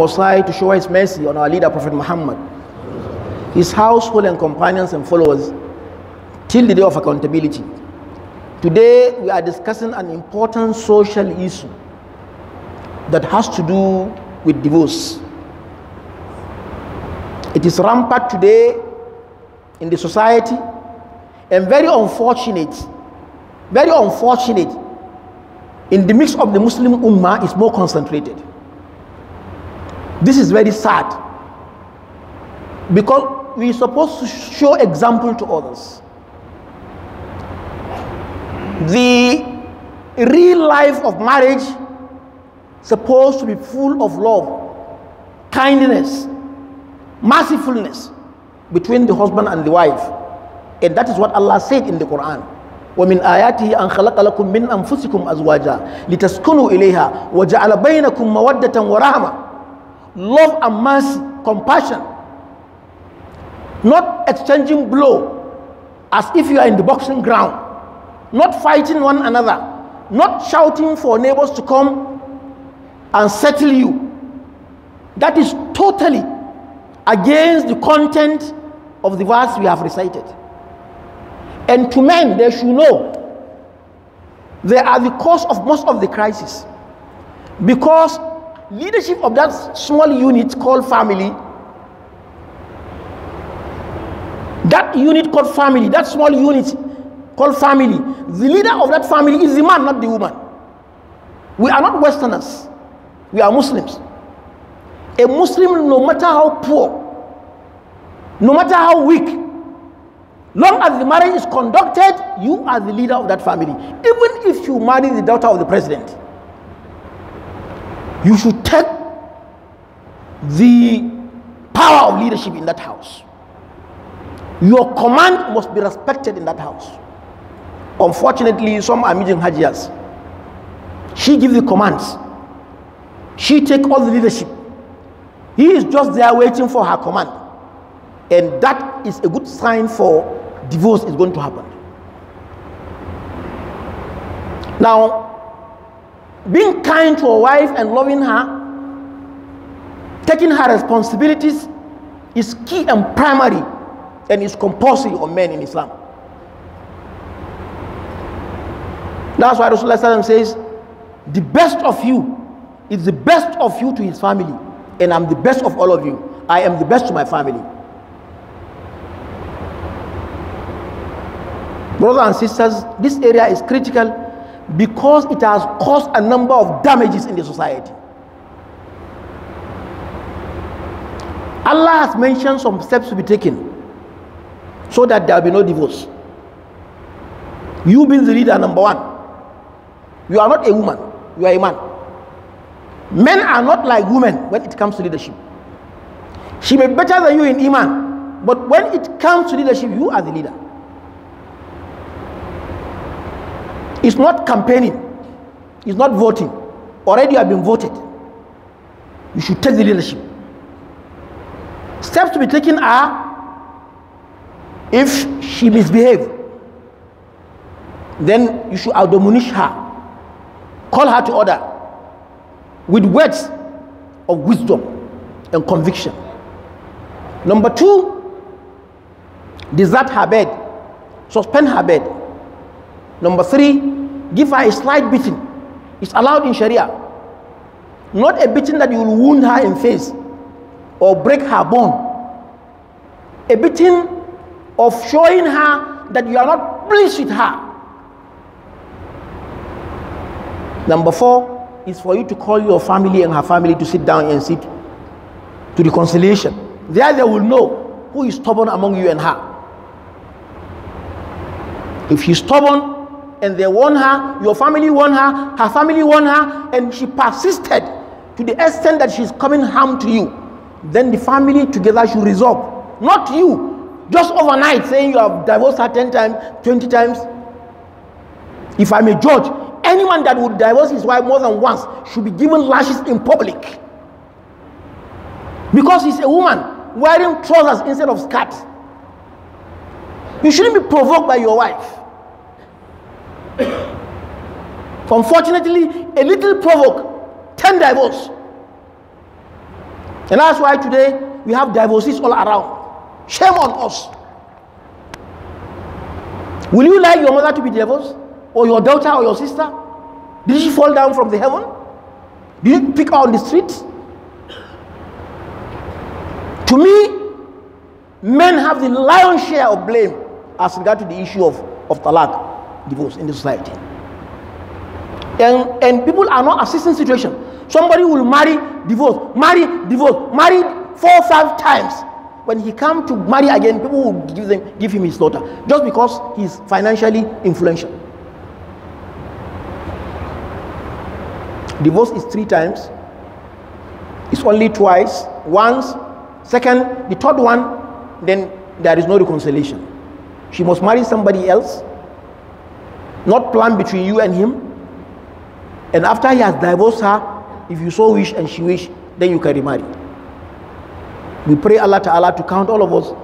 Mosai to show his mercy on our leader Prophet Muhammad, his household and companions and followers till the day of accountability. Today we are discussing an important social issue that has to do with divorce. It is rampant today in the society and very unfortunate, very unfortunate in the mix of the Muslim Ummah is more concentrated. This is very sad because we're supposed to show example to others. The real life of marriage supposed to be full of love, kindness, mercifulness between the husband and the wife. And that is what Allah said in the Quran. ومن آياته أن خلق لكم من أنفسكم أزواجا لتسكنوا إليها وجعل بينكم مودة ورحمة love and mercy, compassion, not exchanging blow as if you are in the boxing ground, not fighting one another, not shouting for neighbors to come and settle you. That is totally against the content of the verse we have recited. And to men, they should know they are the cause of most of the crisis because leadership of that small unit called family that unit called family that small unit called family the leader of that family is the man not the woman we are not westerners we are muslims a muslim no matter how poor no matter how weak long as the marriage is conducted you are the leader of that family even if you marry the daughter of the president you should take the power of leadership in that house. Your command must be respected in that house. Unfortunately, some are meeting Hajias. She gives the commands. She take all the leadership. He is just there waiting for her command. And that is a good sign for divorce is going to happen. Now, being kind to a wife and loving her, taking her responsibilities is key and primary and is compulsory on men in Islam. That's why Rasulullah says, The best of you is the best of you to his family, and I'm the best of all of you. I am the best to my family. Brothers and sisters, this area is critical because it has caused a number of damages in the society. Allah has mentioned some steps to be taken so that there will be no divorce. You being the leader, number one. You are not a woman, you are a man. Men are not like women when it comes to leadership. She may be better than you in Iman, but when it comes to leadership, you are the leader. It's not campaigning. It's not voting. Already you have been voted. You should take the leadership. Steps to be taken are if she misbehaves, then you should admonish her. Call her to order with words of wisdom and conviction. Number two, desert her bed, suspend her bed, Number three, give her a slight beating. It's allowed in Sharia. Not a beating that you will wound her in face or break her bone. A beating of showing her that you are not pleased with her. Number four is for you to call your family and her family to sit down and sit to reconciliation. There they will know who is stubborn among you and her. If she's stubborn, and they won her, your family won her, her family won her, and she persisted to the extent that she's coming harm to you. Then the family together should resolve. Not you, just overnight saying you have divorced her 10 times, 20 times. If I am a judge, anyone that would divorce his wife more than once should be given lashes in public. Because he's a woman wearing trousers instead of skirts. You shouldn't be provoked by your wife. Unfortunately, a little provoke, 10 divorce. And that's why today we have divorces all around. Shame on us. Will you like your mother to be divorced? Or your daughter or your sister? Did she fall down from the heaven? Did you pick her on the street? To me, men have the lion's share of blame as regard to the issue of, of talak, divorce in the society. And, and people are not assisting situation. Somebody will marry, divorce, marry, divorce, marry four five times. When he come to marry again, people will give, them, give him his daughter just because he's financially influential. Divorce is three times. It's only twice. Once, second, the third one, then there is no reconciliation. She must marry somebody else, not plan between you and him, and after he has divorced her, if you so wish and she wish, then you can remarry. We pray Allah Ta'ala to count all of us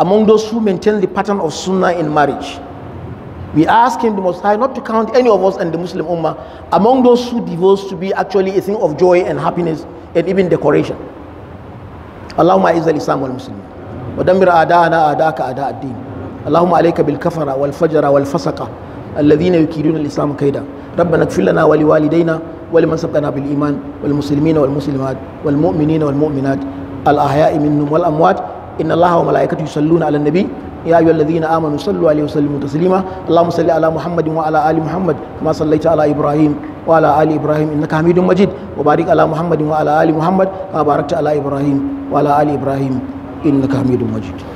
among those who maintain the pattern of sunnah in marriage. We ask him the Most High not to count any of us and the Muslim Ummah among those who divorce to be actually a thing of joy and happiness and even decoration. اللهم اعز الاسلام والمسلمين ودمر اعداءنا اعداءك اعداء الدين اللهم عليك بالكفره والفجر والفسقه alladhina yukiduna al-islam kaida ربنا اغفر لنا ولوالدينا ولمن سبقنا بالإيمان والمسلمين والمسلمات والمؤمنين والمؤمنات الأحياء منهم والأموات إن الله وملائكته يصلون على النبي يا أيها الذين آمنوا صلوا عليه وسلموا تسليما اللهم صل على محمد وعلى آل محمد كما صليت على إبراهيم وعلى آل إبراهيم إنك حميد مجيد وبارك على محمد وعلى آل محمد كما باركت على إبراهيم وعلى آل إبراهيم إنك حميد مجيد